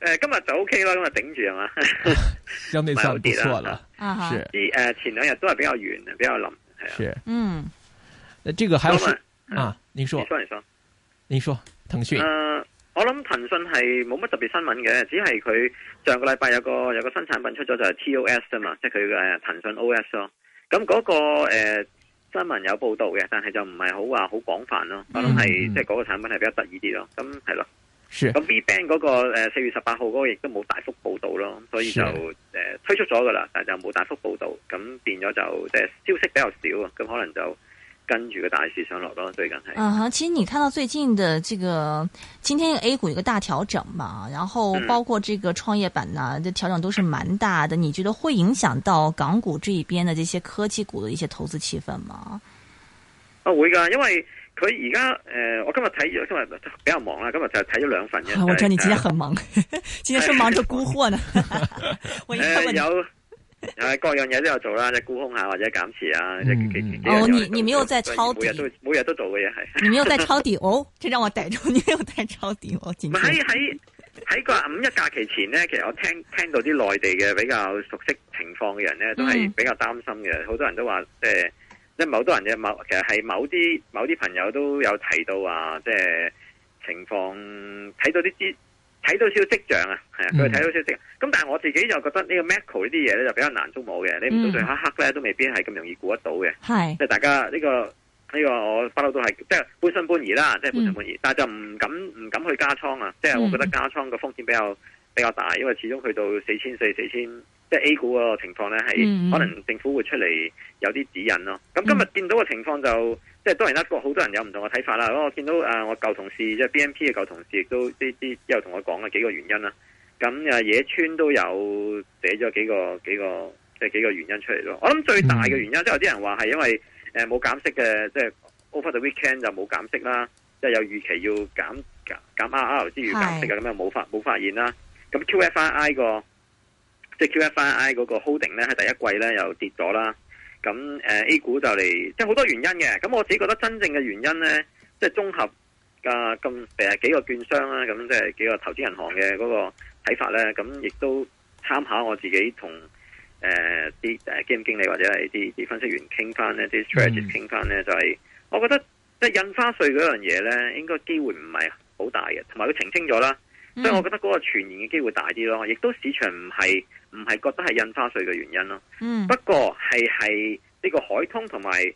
誒、呃，今日就 O K 啦，今日頂住係嘛，有啲有跌啦，係啲誒前兩日都係比較軟，比較冧，係啊，嗯，誒，呢個還有、嗯、啊你說你說，你說，你說，騰訊，誒、呃，我諗騰訊係冇乜特別新聞嘅，只係佢上個禮拜有個有個新產品出咗就係 T O S 吖嘛，即係佢嘅騰訊 O S 咯，咁嗰、那個誒、嗯呃、新聞有報道嘅，但係就唔係好話好廣泛咯，我諗係即係嗰個產品係比較得意啲咯，咁係咯。咁 BBank 嗰個誒四月十八號嗰個亦都冇大幅報道咯，所以就誒、呃、推出咗噶啦，但係就冇大幅報道，咁變咗就消息比較少啊，咁可能就跟住個大市上落咯，最近係。啊、uh -huh, 其實你睇到最近的這個今天 A 股有一個大調整嘛，然後包括這個創業板呢，的調整都是蠻大的、嗯，你覺得會影響到港股這一邊的這些科技股的一些投資氣氛嗎？啊會噶，因為。佢而家誒，我今日睇咗，今日比較忙啦。今日就睇咗兩份嘅、啊。我知道你今天很忙，呃、 今天是忙着沽貨呢。我、 呃 呃、有誒、呃，各樣嘢都有做啦，即 係沽空下或者減持啊、嗯。哦，哦有有你你冇有在抄底？每日都每日都做嘅嘢係。你冇有在抄底 哦？這讓我逮住你又在抄底哦！喺喺喺個五一假期前咧，其實我聽聽到啲內地嘅比較熟悉情況嘅人咧，都係比較擔心嘅。好、嗯、多人都話即係。呃即係某多人嘅某，其實係某啲某啲朋友都有提到話，即係情況睇到啲啲，睇到少少跡象啊，係佢睇到少少跡象。咁、嗯、但係我自己就覺得這個這些東西呢個 Macro 呢啲嘢咧就比較難捉摸嘅，你唔到最後一刻咧都未必係咁容易估得到嘅。係即係大家呢、這個呢、這個我不嬲都都係即係半信半疑啦，即、就、係、是、半信半疑、嗯，但係就唔敢唔敢去加倉啊！即、就、係、是、我覺得加倉個風險比較比較大，因為始終去到四千四四千。即係 A 股個情況咧，係、嗯、可能政府會出嚟有啲指引咯。咁今日見到個情況就，嗯、即係當然啦個，好多人有唔同嘅睇法啦。我見到啊、呃，我舊同事即係 BNP 嘅舊同事亦都呢啲又同我講啊，幾個原因啦。咁啊野村都有寫咗幾個幾個即係幾個原因出嚟咯。我諗最大嘅原因、嗯、即係有啲人話係因為誒冇減息嘅，即係 over the weekend 就冇減息啦，即係有預期要減減減 R R 之餘減息嘅咁又冇發冇發現啦。咁 QFII 個。即係 QFII 嗰個 holding 咧喺第一季咧又跌咗啦，咁誒 A 股就嚟即係好多原因嘅，咁我自己覺得真正嘅原因咧，即係綜合嘅咁誒幾個券商啦，咁即係幾個投資銀行嘅嗰個睇法咧，咁亦都參考我自己同誒啲誒基金經理或者係啲啲分析員傾翻咧，啲 trades 傾翻咧，就係、是、我覺得即係印花稅嗰樣嘢咧，應該機會唔係好大嘅，同埋佢澄清咗啦、嗯，所以我覺得嗰個傳言嘅機會大啲咯，亦都市場唔係。唔係覺得係印花稅嘅原因咯、嗯，不過係係呢個海通同埋誒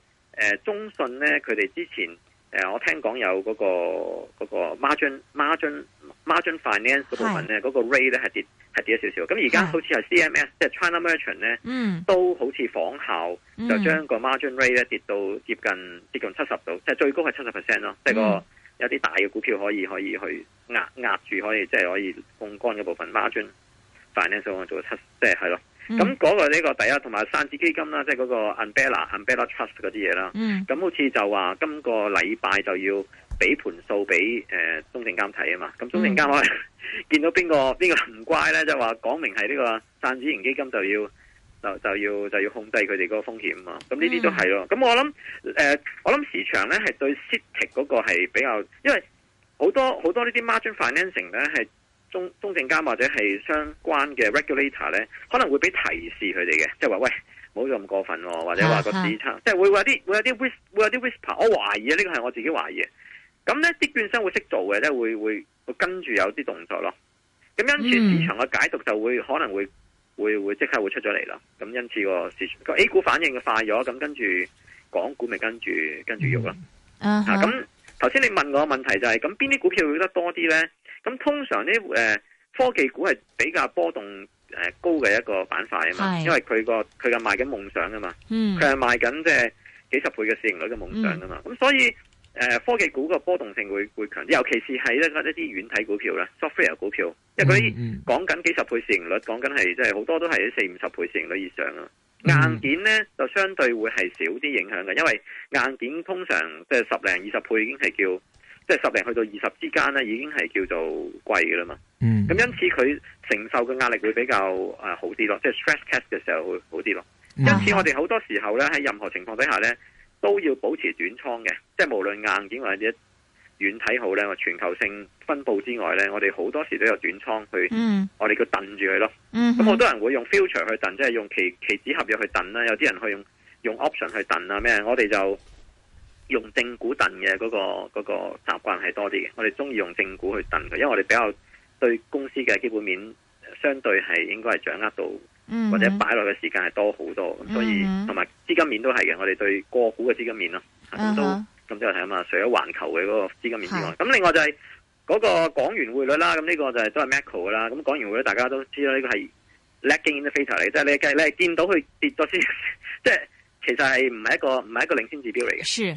中信咧，佢哋之前誒、呃、我聽講有嗰、嗰個嗰個 margin margin margin finance 部分咧，嗰、嗰個 rate 咧係跌係跌咗少少。咁而家好似係 C M S 即係 China Merchant 咧、嗯，都好似仿效就將個 margin rate 咧跌到接近接近七十度，即係最高係七十 percent 咯。即係、嗰個有啲大嘅股票可以可以去壓壓住，可以即係、就是、可以槓桿嘅部分 margin。finance 所以我做七即係係咯，咁、就、嗰、是嗯那個呢個第一同埋傘子基金啦，即係嗰個 umbrella umbrella trust 嗰啲嘢啦，咁、嗯、好似就話今個禮拜就要俾盤數俾誒中證監睇啊嘛，咁中證監、嗯、可能見到邊個邊個唔乖咧，就話講明係呢個傘子型基金就要就就要就要，就要控制佢哋嗰個風險啊嘛，咁、嗯呃、呢啲都係咯，咁我諗誒我諗市場咧係對 shifting 嗰個係比較，因為好多好多呢啲 margin financing 咧係。中中證監或者係相關嘅 regulator 咧，可能會俾提示佢哋嘅，即係話喂，唔好咁過分、哦，或者話個指差，即係、 就是、會有啲，會有啲 whisper，會啲 whisper。我懷疑啊，呢個係我自己懷疑。咁咧，啲券商會識做嘅呢，會會會,會跟住有啲動作咯。咁因此市場嘅解讀就會 可能會會會即刻會出咗嚟咯。咁因此、那個市場個 A 股反應嘅快咗，咁跟住港股咪跟住跟住喐咯。咁頭先你問我個問題就係、是，咁邊啲股票會得多啲咧？咁通常呢？誒科技股係比較波動誒高嘅一個板塊啊嘛，因為佢個佢嘅賣緊夢想啊嘛，佢、嗯、係賣緊即係幾十倍嘅市盈率嘅夢想啊嘛。咁、嗯、所以誒科技股個波動性會會強啲，尤其是係一一啲軟體股票啦，software 股票，股票嗯、因為佢講緊幾十倍市盈率，講緊係即係好多都係四五十倍市盈率以上啊。硬件咧就相對會係少啲影響嘅，因為硬件通常即係十零二十倍已經係叫。即係十零去到二十之間咧，已經係叫做貴嘅啦嘛。嗯，咁因此佢承受嘅壓力會比較誒、呃、好啲咯，即係 stress test 嘅時候會好啲咯、嗯。因此我哋好多時候咧喺任何情況底下咧，都要保持短倉嘅，即係無論硬件或者軟體好咧，全球性分布之外咧，我哋好多時都有短倉去，嗯、我哋叫等住佢咯。咁、嗯、好多人會用 future 去等，即係用期期指合約去等啦。有啲人去用用 option 去等啊咩？我哋就。用正股燉嘅嗰個嗰、嗰個習慣係多啲嘅，我哋中意用正股去燉嘅，因為我哋比較對公司嘅基本面相對係應該係掌握到，嗯、或者擺落嘅時間係多好多，咁所以同埋、嗯、資金面都係嘅。我哋對個股嘅資金面咯，咁都咁都有睇啊嘛。除咗環球嘅嗰個資金面之外，咁、嗯、另外就係嗰個港元匯率啦。咁呢個就係都係 macro 啦。咁港元匯率大家都知啦，呢、呢個係 lagging indicator 嚟，即、就、係、是、你你係見到佢跌咗先，即 係、就是、其實係唔係一個唔係一個領先指標嚟嘅。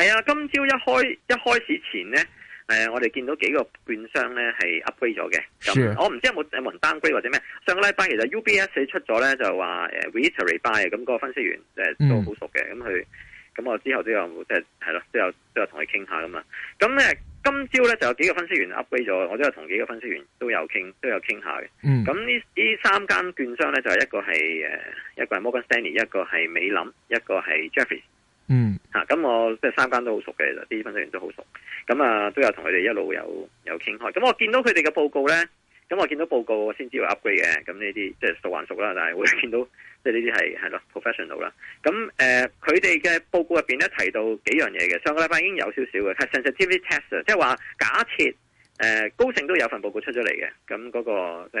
係啊，今朝一開一開始前咧，誒、呃，我哋見到幾個券商咧係 upgrade 咗嘅。Sure. 我唔知有冇有冇人 downgrade 或者咩？上個禮拜其實 UBS 出咗咧就話誒、呃、Victory buy 咁個分析員誒、呃 mm. 都好熟嘅，咁佢咁我之後都有即係係咯，都有都有同佢傾下噶嘛。咁誒、呃、今朝咧就有幾個分析員 upgrade 咗，我都有同幾個分析員都有傾都有傾下嘅。咁、mm. 呢呢三間券商咧就係、一個係誒、呃、一個係 Morgan Stanley，一個係美林，一個係 Jefferies。嗯，吓、啊、咁我即係三班都好熟嘅，啲分析員都好熟，咁啊都有同佢哋一路有有傾開。咁我見到佢哋嘅報告咧，咁我見到報告我先知道 upgrade 嘅。咁呢啲即係熟還熟啦，但係會見到即係呢啲係係咯 professional 啦。咁誒，佢哋嘅報告入邊咧提到幾樣嘢嘅。上個禮拜已經有少少嘅 sensitivity test 即係話假設誒、呃、高盛都有份報告出咗嚟嘅。咁嗰、那個誒。呃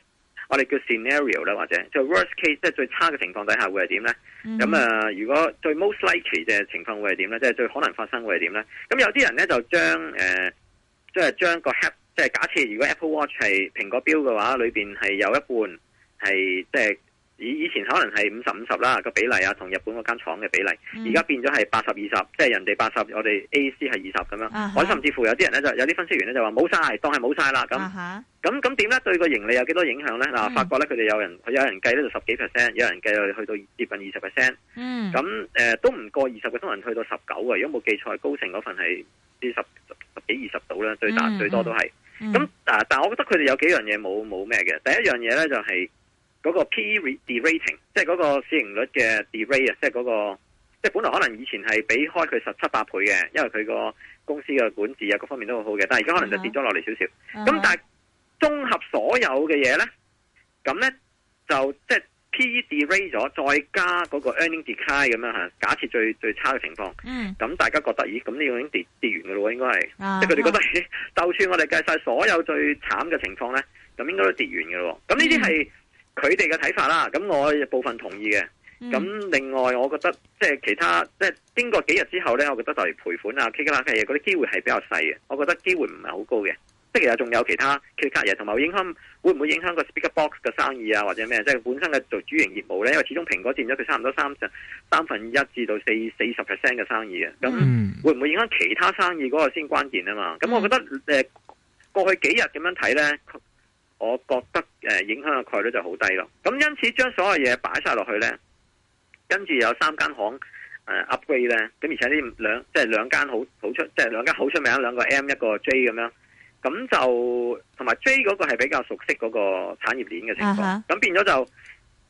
我哋叫 scenario 啦，或者即係 worst case，即係最差嘅情況底下會係點咧？咁啊，mm-hmm. 嗯呃，如果最 most likely 嘅情況會係點咧？即係最可能發生會係點咧？咁、嗯、有啲人咧就將誒，即係將個 help 即係假設如果 Apple Watch 係蘋果標嘅話，裏面係有一半係即係。就是以前可能係五十五十啦個比例啊，同日本嗰間廠嘅比例，而家、嗯、現在變咗係八十二十，即係人哋八十，我哋 A C 係二十咁樣。我、uh -huh. 甚至乎有啲人咧，就有啲分析員咧就話冇晒，當係冇晒啦。咁咁咁點咧？對個盈利有幾多影響咧？嗱、uh -huh.，發覺咧佢哋有人佢有人計咧就十幾 percent，有人計又去到接近二十 percent。咁、呃、誒都唔過二十 percent，通常去到十九嘅。如果冇記錯，高盛嗰份係啲十十十幾二十度咧，最大、uh -huh. 最多都係。咁、uh -huh. 但但係我覺得佢哋有幾樣嘢冇冇咩嘅。第一樣嘢咧就係、是。嗰、那個 P E de de-rating，即係嗰個市盈率嘅 de-rate 啊、那個，即係嗰個即係本來可能以前係畀開佢十七八倍嘅，因為佢個公司嘅管治啊各方面都好好嘅，但係而家可能就跌咗落嚟少少。咁、uh -huh. uh -huh. 但係綜合所有嘅嘢咧，咁咧就即係、就是、P de-rate 咗，再加嗰個 earning decay 咁樣，假設最最差嘅情況，咁、uh -huh. 大家覺得咦？咁、哎、呢個已經跌跌完嘅咯喎，應該係即係佢哋覺得就算我哋計晒所有最慘嘅情況咧，咁應該都跌完嘅咯喎。咁呢啲係。Uh -huh. 佢哋嘅睇法啦，咁我部分同意嘅。咁另外我，我覺得即係其他，即係經過幾日之後咧，我覺得就係賠款啊、K 卡嘅嘢嗰啲機會係比較細嘅。我覺得機會唔係好高嘅。即係其實仲有其他 K 卡嘢，同埋影響會唔會影響個 Speaker Box 嘅生意啊，或者咩？即係本身嘅做主營業務咧，因為始終蘋果佔咗佢差唔多三成、三分一至到四四十 percent 嘅生意嘅。咁會唔會影響其他生意嗰個先關鍵啊嘛？咁我覺得誒，過去幾日咁樣睇咧。我覺得誒影響嘅概率就好低咯，咁因此將所有嘢擺晒落去咧，跟住有三間行誒、呃、upgrade 咧，咁而且呢，兩即係兩間好好出，即、就、係、是、兩間好出名，兩個 M 一個 J 咁樣，咁就同埋 J 嗰個係比較熟悉嗰個產業鏈嘅情況，咁、uh -huh. 變咗就誒嗰、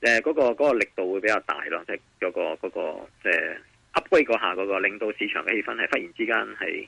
呃那個那個力度會比較大咯，即係嗰個即係、那個就是、upgrade 過下嗰個令到市場嘅氣氛係忽然之間係。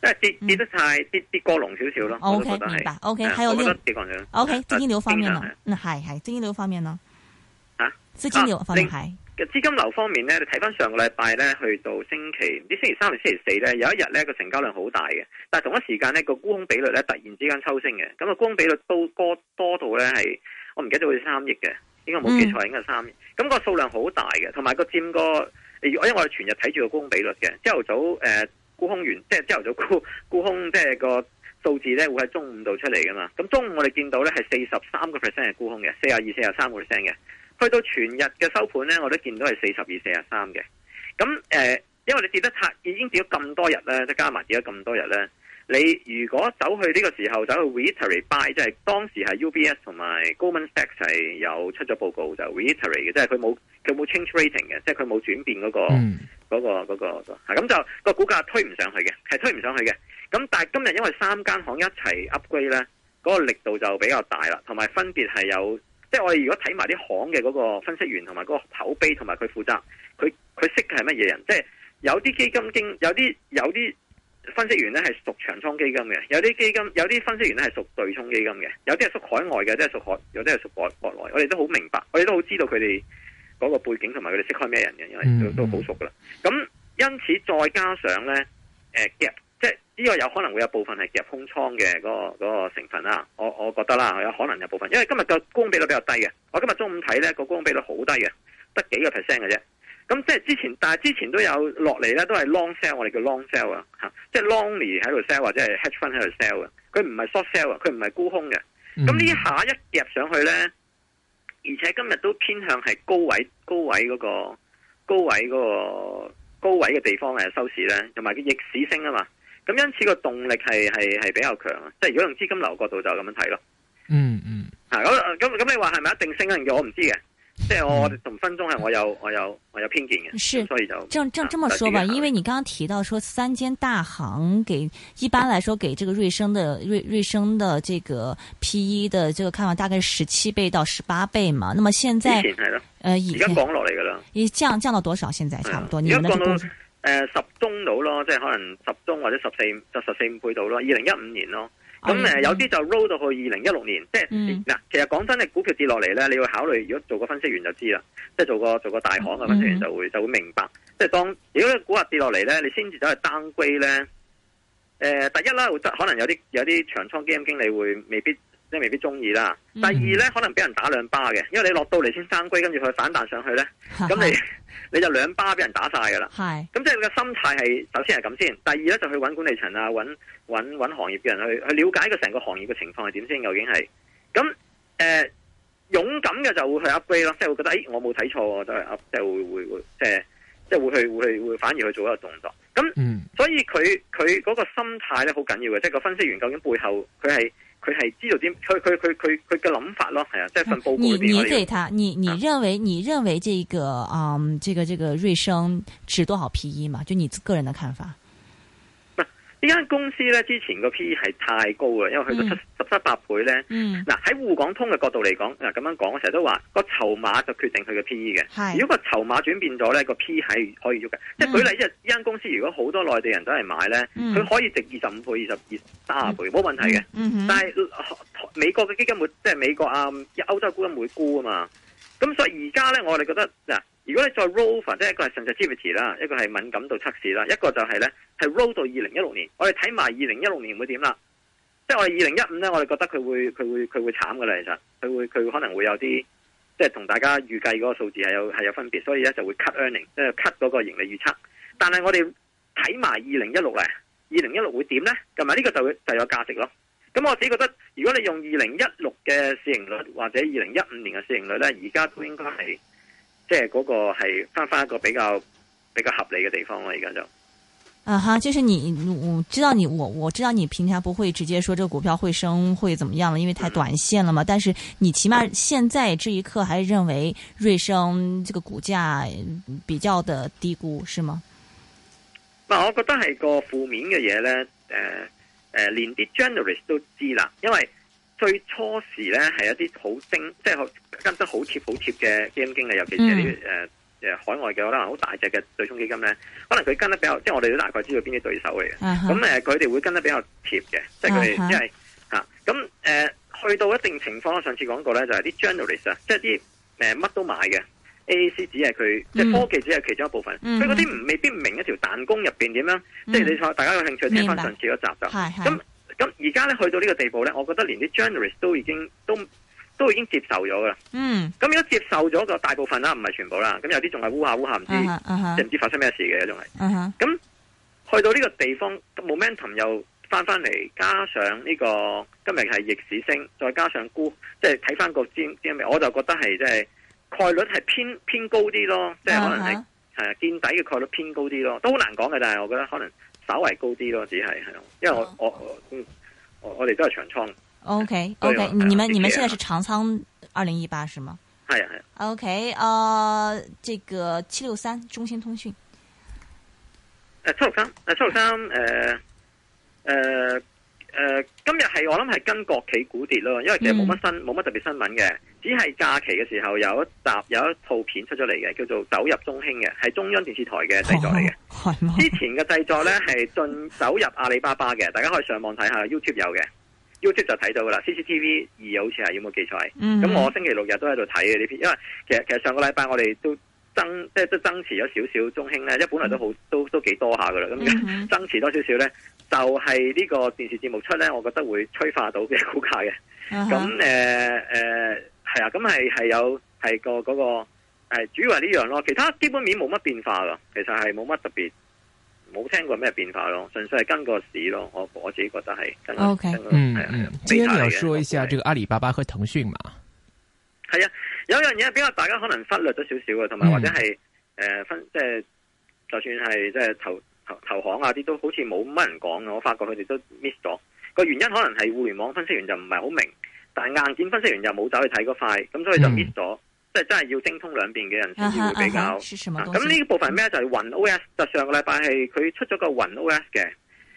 即係跌跌得太，跌跌過龍少少咯。O K 明白 O K，還有另外 O K 資金流方面咯，嗱係係資金流方面咯。啊，資金流方面嘅資金流方面咧、啊啊，你睇翻上個禮拜咧，去到星期啲星期三同星期四咧，有一日咧個成交量好大嘅，但係同一時間咧個沽空比率咧突然之間抽升嘅，咁啊沽空比率都多多到咧係我唔記得咗好似三億嘅，應該冇記錯、嗯、應該三億，咁、個數量好大嘅，同埋個佔個，因為我哋全日睇住個沽空比率嘅，朝頭早誒。呃沽空完，即係朝頭早沽沽空，即係個數字咧會喺中午度出嚟㗎嘛？咁中午我哋見到咧係四十三個 percent 係沽空嘅，四十二、四十三個 percent 嘅。去到全日嘅收盤咧，我都見到係四十二、四十三嘅。咁誒、呃，因為你跌得已經跌咗咁多日咧，即加埋跌咗咁多日咧，你如果走去呢個時候走去 reiterate buy，即係當時係 UBS 同埋 Goldman Sachs 係有出咗報告就 reiterate 嘅，即係佢冇佢冇 change rating 嘅，即係佢冇轉變嗰、那個。嗯嗰、那個嗰、那個咁、那個、就、那個股價推唔上去嘅，係推唔上去嘅。咁但係今日因為三間行一齊 upgrade 咧，嗰個力度就比較大啦。同埋分別係有，即係我哋如果睇埋啲行嘅嗰個分析員同埋嗰個口碑同埋佢負責，佢佢識係係乜嘢人？即係有啲基金經，有啲有啲分析員咧係屬長倉基金嘅，有啲基金有啲分析員咧係屬對沖基金嘅，有啲係屬海外嘅，即係係屬海，有啲係屬國國內。我哋都好明白，我哋都好知道佢哋。嗰、那個背景同埋佢哋識開咩人嘅，因為都都好熟噶啦。咁、mm -hmm. 因此再加上咧，誒、呃、夾，即係呢個有可能會有部分係夾空倉嘅嗰、那個那個成分啦、啊。我我覺得啦，有可能有部分，因為今日嘅沽空比率比較低嘅。我今日中午睇咧個沽空比率好低嘅，得幾個 percent 嘅啫。咁即係之前，但係之前都有落嚟咧，都係 long sell 我哋叫 long sell 啊，即係 longly 喺度 sell 或者係 hedge fund 喺度 sell 嘅。佢唔係 short sell 佢唔係沽空嘅。咁、mm、呢 -hmm. 下一夾上去咧。而且今日都偏向係高位、高位嗰個、高位嗰個、高位嘅地方嚟收市咧，同埋嘅逆市升啊嘛，咁因此個動力係係係比較強啊，即係如果用資金流角度就咁樣睇咯。嗯嗯，吓咁咁咁，你話係咪一定升啊？我唔知嘅。即係我同分眾係我有我有我有偏見嘅，所以就正正這麼說吧。因為你剛剛提到說三間大行給一般來說給這個瑞聲的瑞瑞聲的這個 P E 的這個看法大概十七倍到十八倍嘛。那麼現在，係咯，已、呃、經降落嚟噶啦，已降降到多少現、嗯多？現在差唔多，你而家降到誒十中到咯、呃，即係可能十中或者十四就十四五倍到咯。二零一五年咯。咁、嗯、誒，有啲就 roll 到去二零一六年，即係嗱，其實講真你股票跌落嚟咧，你要考慮，如果做個分析員就知啦，即、就、係、是、做個做個大行嘅分析員就會、嗯、就會明白，即、就、係、是、當如果個股啊跌落嚟咧，你先至走去 downgrade 咧，誒、呃，第一啦，會可能有啲有啲長倉基金經理會未必。即係未必中意啦。第二咧，可能俾人打兩巴嘅，因為你落到嚟先生龜，跟住佢反彈上去咧，咁 你你就兩巴俾人打晒噶啦。係咁，即係個心態係，首先係咁先。第二咧，就去搵管理層啊，搵搵搵行業嘅人去去了解個成個行業嘅情況係點先，究竟係咁誒。勇敢嘅就會去 upgrade 咯，即係會覺得誒、哎，我冇睇錯，就係 up，即係會會會即係即係會去會去會反而去做一個動作。咁、嗯，所以佢佢嗰個心態咧好緊要嘅，即係個分析員究竟背後佢係。佢係知道啲佢佢佢佢佢嘅諗法咯，係啊，即係份報告你你對他你你認為、啊、你認為這個啊、呃，這個這個瑞聲值多少 PE 嘛？就你個人的看法。呢間公司咧之前個 PE 係太高啦，因為去到七、嗯、十七八倍咧。嗱喺滬港通嘅角度嚟講，嗱咁樣講，我成日都話個籌碼就決定佢嘅 P E 嘅。如果個籌碼轉變咗咧，個 PE 係可以喐嘅、嗯。即係舉例，即係呢間公司如果好多內地人都係買咧，佢、嗯、可以值二十五倍、二十、二、三啊倍冇問題嘅、嗯嗯。但係、啊、美國嘅基金會即係美國啊歐洲基金會沽啊嘛。咁所以而家咧，我哋覺得嗱。啊如果你再 roll 翻，即係一個係 sensitivity 啦，一個係敏感度測試啦，一個就係呢，係 roll 到二零一六年，我哋睇埋二零一六年會點啦。即係我哋二零一五呢，我哋覺得佢會佢會佢會慘噶啦，其實佢會佢可能會有啲即係同大家預計嗰個數字係有係有分別，所以呢就會 cut earning，即係 cut 嗰個盈利預測。但係我哋睇埋二零一六呢，二零一六會點呢？同埋呢個就就有價值咯。咁我自己覺得，如果你用二零一六嘅市盈率或者二零一五年嘅市盈率呢，而家都應該係。即係嗰個係返返一個比較比較合理嘅地方啦，啊，而家就啊哈，uh -huh, 就是你我知道你我我知道你平常不會直接說這個股票會升會怎麼樣啦，因為太短線了嘛，嗯。但是你起碼現在這一刻還認為瑞聲這個股價比較的低估，是嗎？唔，我覺得係個負面嘅嘢咧。誒、呃、誒、呃，連啲 generalist 都知啦，因為最初時咧係一啲好精，即係。跟得好貼好貼嘅基金經理，尤其是啲誒誒海外嘅，可能好大隻嘅對沖基金咧，可能佢跟得比較，即係我哋都大概知道邊啲對手嚟嘅。咁誒，佢哋會跟得比較貼嘅，uh -huh. 即係佢，哋、uh -huh. 啊，因為吓，咁、呃、誒，去到一定情況，上次講過咧，就係、是、啲 journalist 啊，即係啲誒乜都買嘅 A C 只係佢即係科技只係其中一部分。佢嗰啲未必唔明一條彈弓入邊點樣，即係你大家有興趣、uh -huh. 聽翻上次嗰集咁咁而家咧去到呢個地步咧，我覺得連啲 journalist 都已經都。都已經接受咗噶啦，嗯，咁如果接受咗個大部分啦，唔係全部啦，咁有啲仲係烏下烏下唔知，即、嗯、唔、嗯、知發生咩事嘅，仲係，咁、嗯、去到呢個地方，momentum 又翻翻嚟，加上呢、這個今日係逆市升，再加上沽，即係睇翻個尖尖，我就覺得係即係概率係偏偏高啲咯，即係可能係係、嗯、見底嘅概率偏高啲咯，都好難講嘅，但係我覺得可能稍微高啲咯，只係係，因為我、嗯、我我我我哋都係長倉。O K O K，你們、嗯、你們現在是長倉二零一八是嗎？係啊係啊。O、okay, K，、uh, 呃，這個七六三中興通訊。誒七六三誒七六三誒誒今日係我諗係跟國企股跌咯，因為其實冇乜新冇乜、嗯、特別新聞嘅，只係假期嘅時候有一集有一套片出咗嚟嘅，叫做《走入中興的》嘅，係中央電視台嘅製作嚟嘅。係。 之前嘅製作咧係進走入阿里巴巴嘅，大家可以上網睇下 YouTube 有嘅。YouTube 就睇到噶啦，CCTV 二好似係有冇記錯？咁、mm -hmm. 我星期六日都喺度睇嘅呢篇，因為其實其實上個禮拜我哋都增即係都增持咗少少中興咧，即係本來都好都都幾多下噶啦，咁、mm -hmm. 增持多少少咧，就係、係、呢個電視節目出咧，我覺得會催化到嘅股價嘅。咁誒誒係啊，咁係係有係個嗰、嗰個主要係呢樣咯，其他基本面冇乜變化噶，其實係冇乜特別。冇聽過咩變化咯，純粹係跟個市咯。我我自己覺得係跟。O、okay. K，嗯囉、嗯。今天你要說一下、okay. 這個阿里巴巴和騰訊嘛？係啊，有一樣嘢比較大家可能忽略咗少少嘅，同埋或者係誒、嗯呃、分即係，就算係即係投投投行啊啲都好似冇乜人講嘅。我發覺佢哋都 miss 咗個原因，可能係互聯網分析員就唔係好明，但係硬件分析員就冇走去睇嗰塊，咁所以就 miss 咗。嗯即係真係要精通兩邊嘅人先至會比較。咁呢個部分係咩就係、是、雲 OS。就上個禮拜係佢出咗個雲 OS 嘅。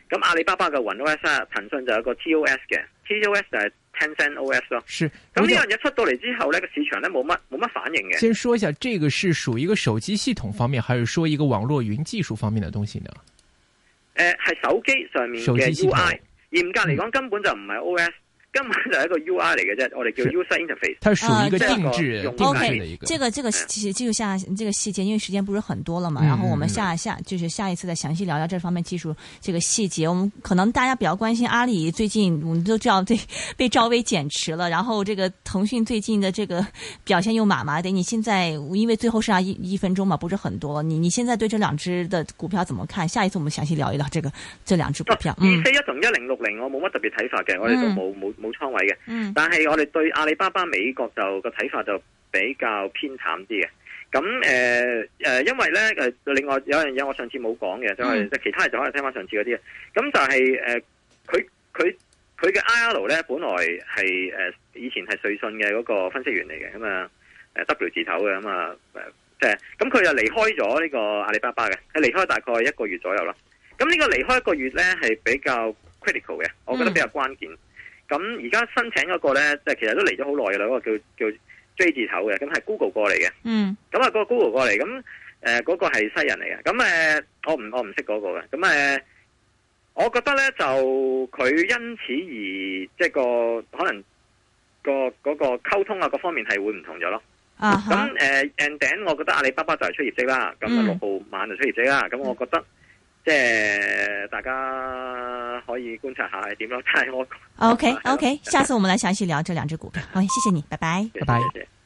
咁阿里巴巴嘅雲 OS 啊，騰訊就有個 TOS 嘅。TOS 就係 Tencent OS 咯。咁呢、就是、樣嘢出到嚟之後呢，個市場呢冇乜冇乜反應嘅。先說一下，這個是屬於一個手機系統方面，還是說一個網絡雲技術方面嘅東西呢？誒、呃，係手機上面嘅 UI。嚴格嚟講，根本就唔係 OS。根本就係一個 U R 嚟嘅啫，我哋叫 User Interface。佢係屬於一個定製平台嘅一個，呃這個。這個這個其實繼續下，這個細節，因為時間不是很多了嘛。嗯、然後我們下下，就是下一次再詳細聊聊這方面技術。這個細節，我們可能大家比較關心。阿里最近，我們都知道被被趙薇減持了。然後這個騰訊最近的這個表現又麻麻啲。你現在因為最後剩下一一分鐘嘛，不是很多。你你現在對這兩隻的股票怎麼看？下一次我們詳細聊一聊這個這兩隻股票。嗯，二四一同一零六零，我冇乜特別睇法嘅，我哋就冇冇。冇倉位嘅，嗯，但係我哋對阿里巴巴美國就個睇法就比較偏淡啲嘅。咁誒誒，因為咧誒，另外有樣嘢我上次冇講嘅，就係、是，即其他嘢就可以聽返上次嗰啲嘅。咁就係、是、誒，佢佢佢嘅 ILO 咧，本來係誒、呃、以前係瑞信嘅嗰個分析員嚟嘅，咁啊誒 W 字頭嘅，咁啊誒，即係咁佢就離、是嗯、開咗呢個阿里巴巴嘅，佢離開大概一個月左右啦。咁呢個離開一個月咧，係比較 critical 嘅，我覺得比較關鍵。嗯咁而家申請嗰個咧，即係其實都嚟咗好耐嘅啦，嗰、那個叫叫 J 字頭嘅，咁係 Google 過嚟嘅。嗯。咁啊，嗰個 Google 過嚟，咁誒嗰個係西人嚟嘅，咁誒我唔我唔識嗰個嘅，咁誒、呃、我覺得咧就佢因此而即係個可能個嗰、那個溝通啊，各方面係會唔同咗咯。咁、啊、誒、呃，and then，我覺得阿里巴巴就係出業績啦。嗯。咁六號晚就出業績啦。咁、嗯、我覺得。即係大家可以觀察下係點樣，但係我 OK OK， 下次我們來詳細聊這兩隻股票。 好，謝謝你， 拜拜謝謝，拜拜。謝謝。